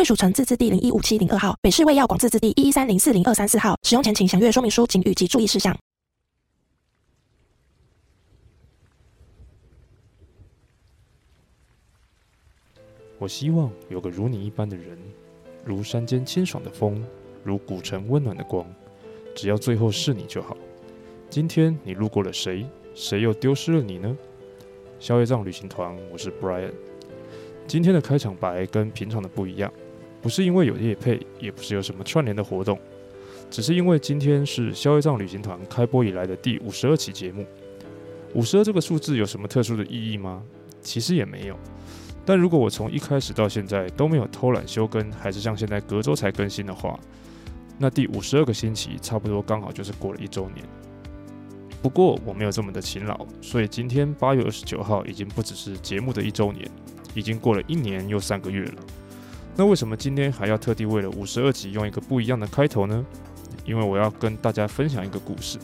衛署成製字第零一五七零二號，北市衛藥廣字第一一三零四零二三四號。使用前請詳閱說明書警語及注意事項。我希望有個如你一般的人，如山間清爽的風，如古城溫暖的光。只要最後是你就好。今天你路過了誰？誰又丟失了你呢？消業障旅行團，我是 Bryan。今天的開場白跟平常的不一樣。不是因為有業配，也不是有什麼串聯的活動，只是因為今天是消業障旅行團開播以來的第五十二期節目。五十二這個數字有什麼特殊的意義嗎？其實也沒有。但如果我從一開始到現在都沒有偷懶休更，還是像現在隔周才更新的話，那第五十二個星期差不多剛好就是過了一周年。不過我沒有這麼的勤勞，所以今天八月二十九號已經不只是節目的一周年，已經過了一年又三個月了。那為什麼今天還要特地為了五十二集用一個不一樣的開頭呢？因為我要跟大家分享一個故事，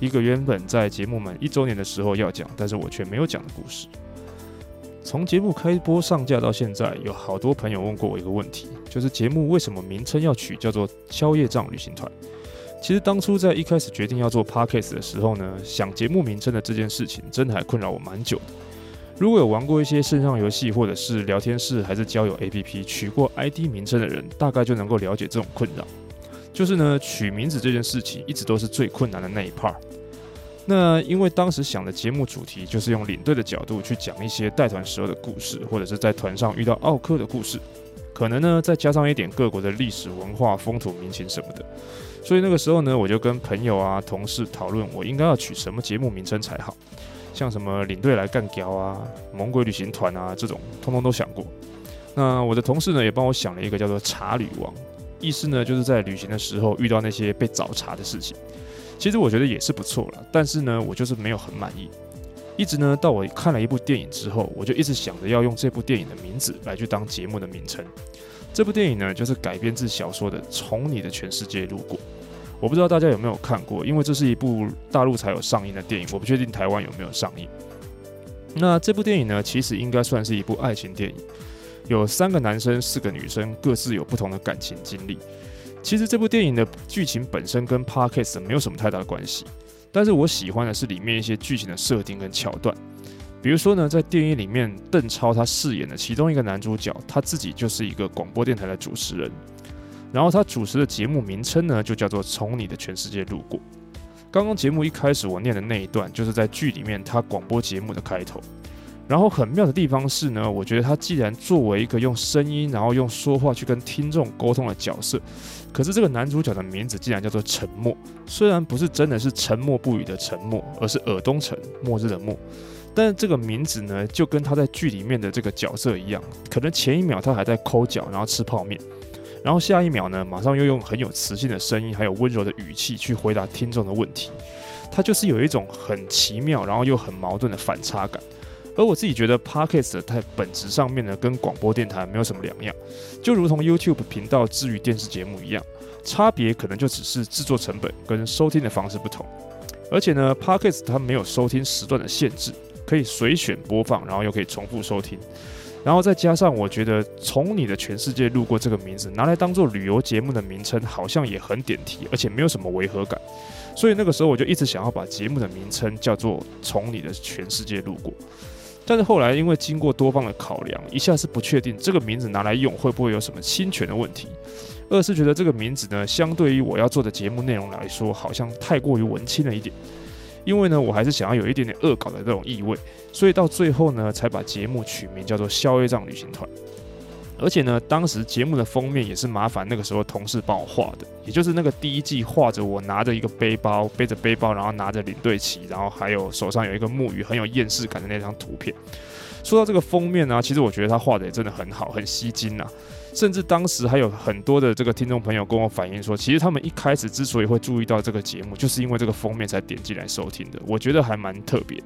一個原本在節目滿一周年的時候要講，但是我卻沒有講的故事。從節目開播上架到現在，有好多朋友問過我一個問題，就是節目為什麼名稱要取叫做“消業障旅行團”？其實當初在一開始決定要做 podcast 的時候呢，想節目名稱的這件事情，真的還困擾我蠻久的。如果有玩過一些線上遊戲，或者是聊天室，還是交友 A P P 取過 I D 名稱的人，大概就能夠了解這種困擾。就是呢，取名字這件事情一直都是最困難的那一 part。那因為當時想的節目主題，就是用領隊的角度去講一些帶團時候的故事，或者是在團上遇到奧客的故事。可能呢，再加上一點各國的歷史文化、風土民情什麼的。所以那個時候呢，我就跟朋友啊、同事討論，我應該要取什麼節目名稱才好。像什麼領隊來干膠啊，猛鬼旅行團啊這種，通通都想過。那我的同事呢，也幫我想了一個叫做“茶旅王”，意思呢就是在旅行的時候遇到那些被找茬的事情。其實我覺得也是不錯啦，但是呢，我就是沒有很滿意。一直呢到我看了一部電影之後，我就一直想着要用這部電影的名字來去當節目的名稱。這部電影呢，就是改編自小說的《從你的全世界路過》。我不知道大家有沒有看過，因為這是一部大陸才有上映的電影，我不確定臺灣有沒有上映。那這部電影呢，其實應該算是一部愛情電影，有三個男生、四個女生，各自有不同的感情經歷。其實這部電影的劇情本身跟 podcast 沒有什麼太大的關係，但是我喜歡的是裡面一些劇情的設定跟橋段。比如說呢，在電影裡面，鄧超他飾演的其中一個男主角，他自己就是一個廣播電台的主持人。然後他主持的節目名稱呢，就叫做《從你的全世界路過》。剛剛節目一開始，我念的那一段，就是在劇裡面他廣播節目的開頭。然後很妙的地方是呢，我覺得他既然作為一個用聲音，然後用說話去跟聽眾溝通的角色，可是這個男主角的名字竟然叫做沉默。雖然不是真的是沉默不語的沉默，而是耳東陳，末日的末，但這個名字呢，就跟他在劇裡面的這個角色一樣，可能前一秒他還在摳腳，然後吃泡麵。然後下一秒呢，馬上又用很有磁性的聲音，還有溫柔的語氣去回答聽眾的問題，它就是有一種很奇妙，然後又很矛盾的反差感。而我自己覺得 Podcast 的它本質上面呢，跟廣播電台沒有什麼兩樣，就如同 YouTube 頻道之於電視節目一樣，差別可能就只是制作成本跟收聽的方式不同。而且呢，Podcast 它沒有收聽時段的限制，可以隨選播放，然後又可以重複收聽。然後再加上，我覺得從你的全世界路過這個名字拿來當做旅遊節目的名稱，好像也很點題，而且沒有什麼違和感。所以那個時候我就一直想要把節目的名稱叫做從你的全世界路過。但是後來因為經過多方的考量，一下是不確定這個名字拿來用會不會有什麼侵權的問題，二是覺得這個名字呢，相對於我要做的節目內容來說，好像太過於文青了一點。因為呢，我還是想要有一點點惡搞的這種意味，所以到最後呢，才把節目取名叫做《消業障旅行團》。而且呢，當時節目的封面也是麻煩那個時候同事幫我畫的，也就是那個第一季畫着我拿着一個背包，背着背包，然後拿着領隊旗，然後還有手上有一個木魚，很有厭世感的那張圖片。說到這個封面啊，其實我覺得他畫的也真的很好，很吸睛啊。甚至當時還有很多的這個聽眾朋友跟我反映說，其實他們一開始之所以會注意到這個節目，就是因為這個封面才點進來收聽的。我覺得還蠻特別的。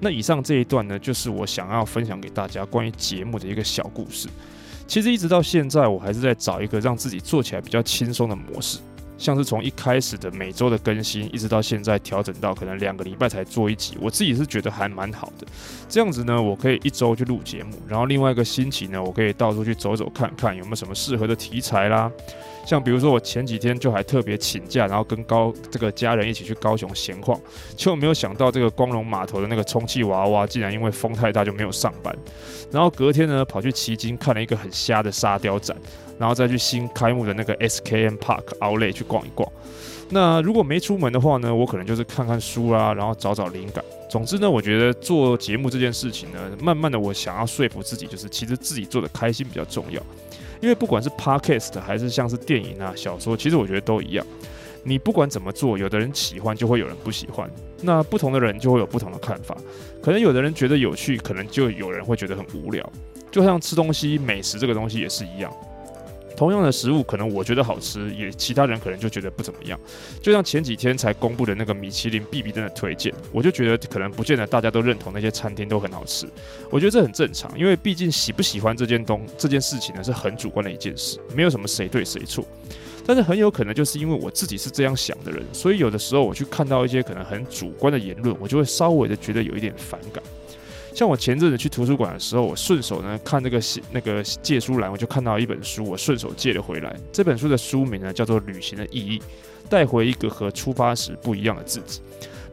那以上這一段呢，就是我想要分享給大家關於節目的一個小故事。其實一直到現在，我還是在找一個讓自己做起來比較輕鬆的模式。像是從一開始的每周的更新，一直到現在調整到可能兩個禮拜才做一集，我自己是覺得還蠻好的。這樣子呢，我可以一周去錄節目，然後另外一個星期呢，我可以到處去走走看看有沒有什麼適合的題材啦。像比如說，我前幾天就還特別請假，然後跟高這個家人一起去高雄閒逛，卻沒有想到這個光榮碼頭的那個充氣娃娃，竟然因為風太大就沒有上班。然後隔天呢，跑去旗津看了一個很瞎的沙雕展，然後再去新開幕的那個 SKM Park Outlet 去逛一逛。那如果沒出門的話呢，我可能就是看看書啊，然後找找靈感。總之呢，我覺得做節目這件事情呢，慢慢的我想要說服自己，就是其實自己做的開心比較重要。因為不管是 Podcast 還是像是電影啊、小說，其實我覺得都一樣。你不管怎麼做，有的人喜歡，就會有人不喜歡。那不同的人就會有不同的看法。可能有的人覺得有趣，可能就有人會覺得很無聊。就像吃東西，美食這個東西也是一樣。同樣的食物，可能我覺得好吃，也其他人可能就覺得不怎麼樣。就像前幾天才公布的那個米其林必比登的推薦，我就覺得可能不見得大家都認同那些餐廳都很好吃。我覺得這很正常，因為畢竟喜不喜歡這件東這件事情呢，是很主觀的一件事，沒有什麼誰對誰錯。但是很有可能就是因為我自己是這樣想的人，所以有的時候我去看到一些可能很主觀的言論，我就會稍微的覺得有一點反感。像我前陣子去圖書館的時候，我順手呢看這個借那個借書欄，我就看到一本書，我順手借了回來。這本書的書名呢叫做《旅行的意義》，帶回一個和出發時不一樣的自己。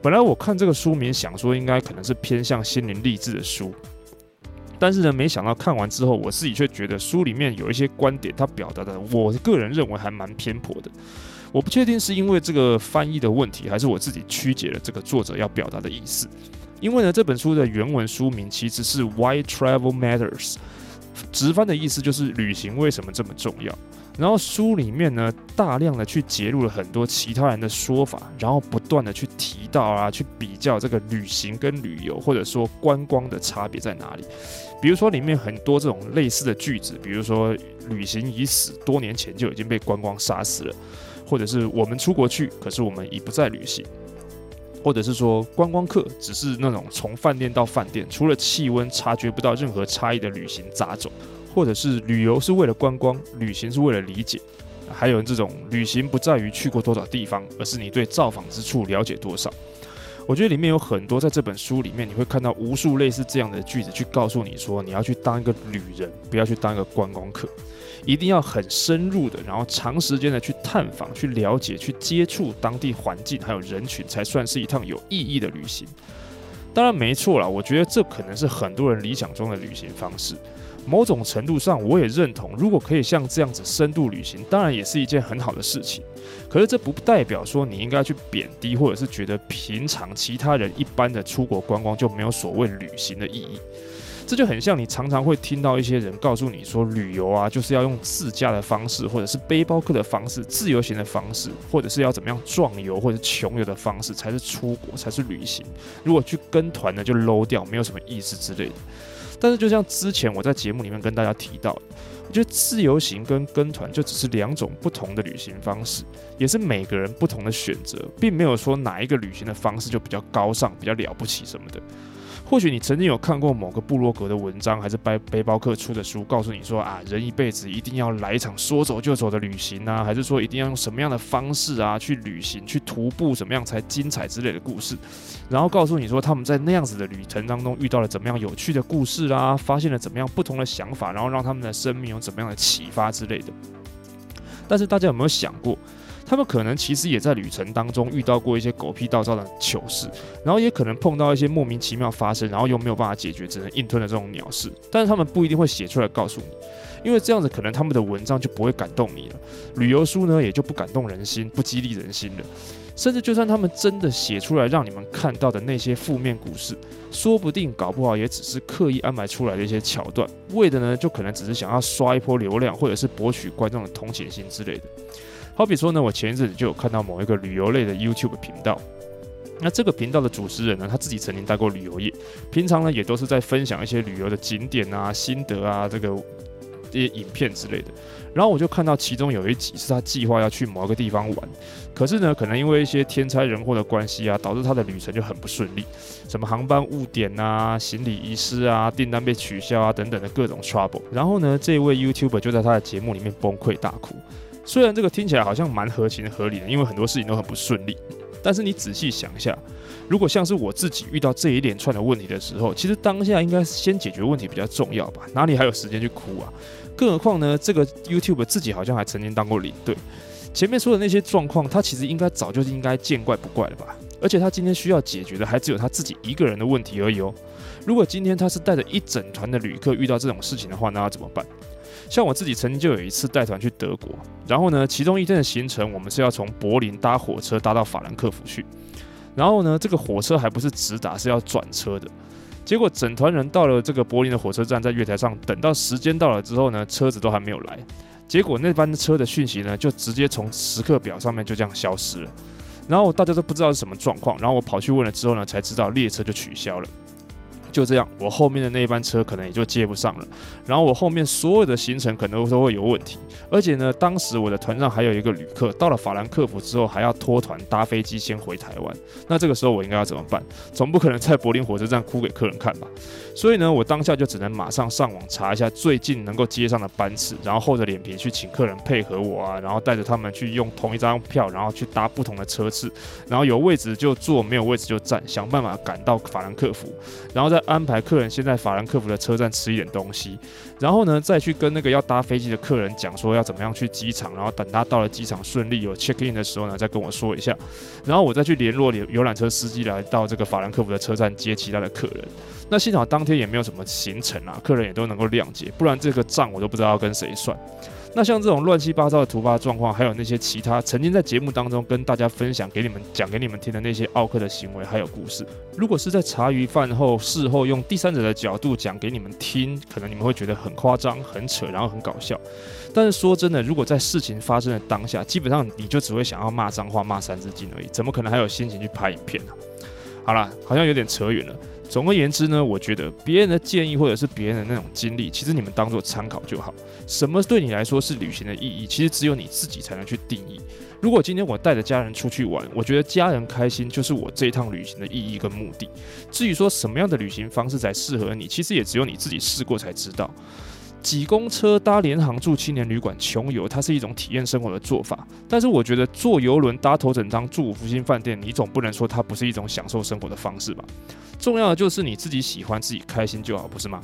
本來我看這個書名，想說應該可能是偏向心靈勵志的書。但是呢，沒想到看完之後，我自己卻覺得書裡面有一些觀點，他表達的，我個人認為還蠻偏頗的。我不確定是因為這個翻譯的問題，還是我自己曲解了這個作者要表達的意思。因為呢，這本書的原文書名其實是《Why Travel Matters》，直翻的意思就是“旅行為什麼這麼重要”。然後書裡面呢，大量的去揭露了很多其他人的說法，然後不斷的去提到啊，去比較這個旅行跟旅遊或者說觀光的差別在哪裡。比如說裡面很多這種類似的句子，比如說旅行已死，多年前就已經被觀光殺死了，或者是我們出國去，可是我們已不再旅行，或者是說觀光客只是那種從飯店到飯店，除了氣溫察覺不到任何差異的旅行雜種。或者是旅遊是為了觀光，旅行是為了理解。還有這種旅行不在於去過多少地方，而是你對造訪之處了解多少。我覺得裡面有很多，在這本書裡面你會看到無數類似這樣的句子，去告訴你說你要去當一個旅人，不要去當一個觀光客，一定要很深入的，然後長時間的去探訪、去了解、去接觸當地環境還有人群，才算是一趟有意義的旅行。當然沒錯了，我覺得這可能是很多人理想中的旅行方式。某種程度上，我也認同，如果可以像這樣子深度旅行，當然也是一件很好的事情。可是這不代表說你應該去貶低，或者是覺得平常其他人一般的出國觀光就沒有所謂旅行的意義。這就很像你常常會聽到一些人告訴你說，旅遊啊就是要用自駕的方式，或者是背包客的方式，自由行的方式，或者是要怎麼樣壯遊或者窮遊的方式才是出國才是旅行。如果去跟團呢，就 low 掉，沒有什麼意思之類的。但是，就像之前我在節目裡面跟大家提到的，我覺得自由行跟跟團就只是兩種不同的旅行方式，也是每個人不同的選擇，並沒有說哪一個旅行的方式就比較高尚、比較了不起什麼的。或許你曾經有看過某個部落格的文章，還是背背包客出的書，告訴你說啊，人一輩子一定要來一場說走就走的旅行啊，還是說一定要用什麼樣的方式啊去旅行，去徒步怎麼樣才精彩之類的故事，然後告訴你說他們在那樣子的旅程當中遇到了怎麼樣有趣的故事啦、啊，發現了怎麼樣不同的想法，然後讓他們的生命有怎麼樣的啟發之類的。但是大家有沒有想過？他們可能其實也在旅程當中遇到過一些狗屁倒灶的糗事，然後也可能碰到一些莫名其妙發生，然後又沒有辦法解決，只能硬吞的這種鳥事。但是他們不一定會寫出來告訴你，因為這樣子可能他們的文章就不會感動你了，旅遊書呢也就不感動人心，不激勵人心了。甚至就算他們真的寫出來讓你們看到的那些負面故事，說不定搞不好也只是刻意安排出來的一些橋段，為的呢就可能只是想要刷一波流量，或者是博取觀眾的同情心之類的。好比說呢，我前一陣子就有看到某一個旅遊類的 YouTube 頻道，那這個頻道的主持人呢，他自己曾經待過旅遊業，平常呢也都是在分享一些旅遊的景點啊、心得啊、這個一些影片之類的。然後我就看到其中有一集是他計劃要去某個地方玩，可是呢，可能因為一些天災人禍的關係啊，導致他的旅程就很不順利，什麼航班誤點啊、行李遺失啊、訂單被取消啊等等的各種 trouble。然後呢，這位 YouTuber 就在他的節目裡面崩潰大哭。雖然這個聽起來好像蠻合情合理的，因為很多事情都很不順利，但是你仔細想一下，如果像是我自己遇到這一連串的問題的時候，其實當下應該先解決問題比較重要吧？哪裡還有時間去哭啊？更何況呢，這個 YouTube 自己好像還曾經當過領隊，前面說的那些狀況，他其實應該早就應該見怪不怪了吧？而且他今天需要解決的還只有他自己一個人的問題而已哦、喔。如果今天他是帶着一整團的旅客遇到這種事情的話，那要怎麼辦？像我自己曾經就有一次帶團去德國，然後呢，其中一天的行程我們是要從柏林搭火車搭到法蘭克福去，然後呢，這個火車還不是直達，是要轉車的。結果整團人到了這個柏林的火車站，在月台上等到時間到了之後呢，車子都還沒有來。結果那班車的訊息呢，就直接從時刻表上面就這樣消失了，然後大家都不知道是什麼狀況。然後我跑去問了之後呢，才知道列車就取消了。就這樣，我後面的那一班車可能也就接不上了，然後我後面所有的行程可能都會有問題。而且呢，當時我的團上還有一個旅客，到了法蘭克福之後還要拖團搭飛機先回台灣。那這個時候我應該要怎麼辦？總不可能在柏林火車站哭給客人看吧？所以呢，我當下就只能馬上上網查一下最近能夠接上的班次，然後厚着臉皮去請客人配合我啊，然後帶着他們去用同一張票，然後去搭不同的車次，然後有位置就坐，沒有位置就站，想辦法趕到法蘭克福，然後再。安排客人先在法蘭克福的車站吃一點東西，然後呢再去跟那個要搭飛機的客人講說要怎麼樣去機場，然後等他到了機場順利有 check in 的時候呢，再跟我說一下，然後我再去聯絡遊覽車司機來到這個法蘭克福的車站接其他的客人。那幸好當天也沒有什麼行程啊，客人也都能夠諒解，不然這個賬我都不知道要跟誰算。那像這種亂七八糟的突發狀況，還有那些其他曾經在節目當中跟大家分享、給你們講給你們聽的那些奧客的行為，還有故事，如果是在茶餘飯後、事後用第三者的角度講給你們聽，可能你們會覺得很誇張、很扯，然後很搞笑。但是說真的，如果在事情發生的當下，基本上你就只會想要罵髒話、罵三字經而已，怎麼可能還有心情去拍影片呢、啊。好了，好像有點扯遠了。總而言之呢，我覺得別人的建議或者是別人的那種經歷，其實你們當做參考就好。什麼對你來說是旅行的意義，其實只有你自己才能去定義。如果今天我帶着家人出去玩，我覺得家人開心就是我這趟旅行的意義跟目的。至於說什麼樣的旅行方式才適合你，其實也只有你自己試過才知道。擠公車、搭廉航、住青年旅館、窮遊，它是一種體驗生活的做法。但是我覺得坐郵輪搭頭等艙、住五福星飯店，你總不能說它不是一種享受生活的方式吧？重要的就是你自己喜歡、自己開心就好，不是嗎？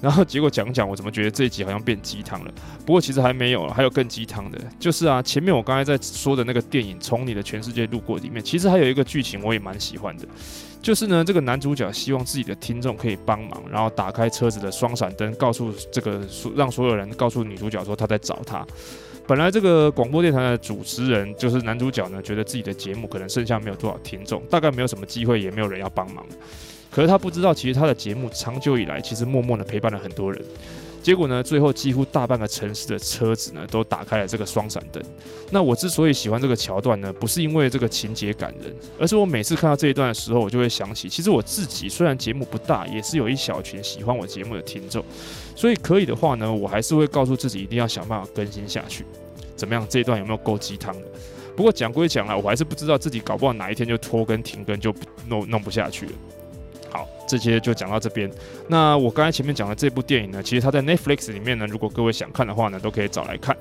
然後結果講講，我怎麼覺得這一集好像變雞湯了？不過其實還沒有，還有更雞湯的，就是啊，前面我剛才在說的那個電影《從你的全世界路過》裡面，其實還有一個劇情我也蠻喜歡的，就是呢，這個男主角希望自己的聽眾可以幫忙，然後打開車子的雙閃燈，告訴這個，讓所有人告訴女主角說他在找她。本來這個廣播電台的主持人就是男主角呢，覺得自己的節目可能剩下沒有多少聽眾，大概沒有什麼機會，也沒有人要幫忙。可是他不知道，其實他的節目長久以來其實默默的陪伴了很多人。結果呢，最後幾乎大半個城市的車子呢都打開了這個雙閃燈。那我之所以喜歡這個橋段呢，不是因為這個情節感人，而是我每次看到這一段的時候，我就會想起，其實我自己雖然節目不大，也是有一小群喜歡我節目的聽眾。所以可以的話呢，我還是會告訴自己一定要想辦法更新下去。怎麼樣？這一段有沒有夠雞湯？不過講歸講了，我還是不知道自己搞不好哪一天就拖更停更就弄弄不下去了。好，這些就講到這邊。那我剛才前面講的這部電影呢，其實它在 Netflix 裡面呢，如果各位想看的話呢，都可以找來看。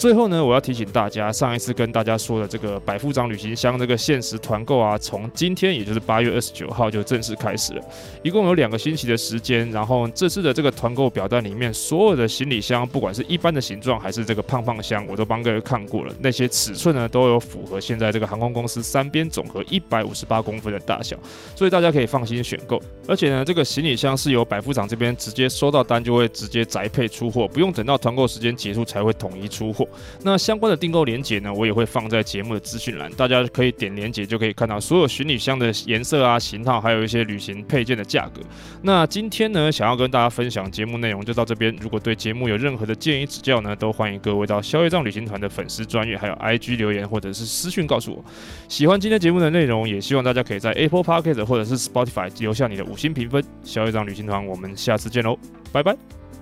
最後呢，我要提醒大家，上一次跟大家說的這個百夫長旅行箱這個限時團購啊，從今天也就是八月二十九號就正式開始了，一共有兩個星期的時間。然後這次的這個團購表單裡面所有的行李箱，不管是一般的形狀還是這個胖胖箱，我都幫各位看過了，那些尺寸呢都有符合現在這個航空公司三邊總和一百五十八公分的大小，所以大家可以放心選購。而且呢，這個行李箱是由百夫長這邊直接收到單就會直接宅配出貨，不用等到團購時間結束才會統一出貨。那相關的訂購連結呢，我也會放在節目的資訊欄，大家可以點連結就可以看到所有行李箱的顏色啊、型號，還有一些旅行配件的價格。那今天呢，想要跟大家分享節目內容就到這邊。如果對節目有任何的建議指教呢，都歡迎各位到消業障旅行團的粉絲專頁，還有 IG 留言或者是私訊告訴我。喜歡今天節目的內容，也希望大家可以在 Apple Podcast 或者是 Spotify 留下你的五星評分。消業障旅行團，我們下次見嘍，拜拜。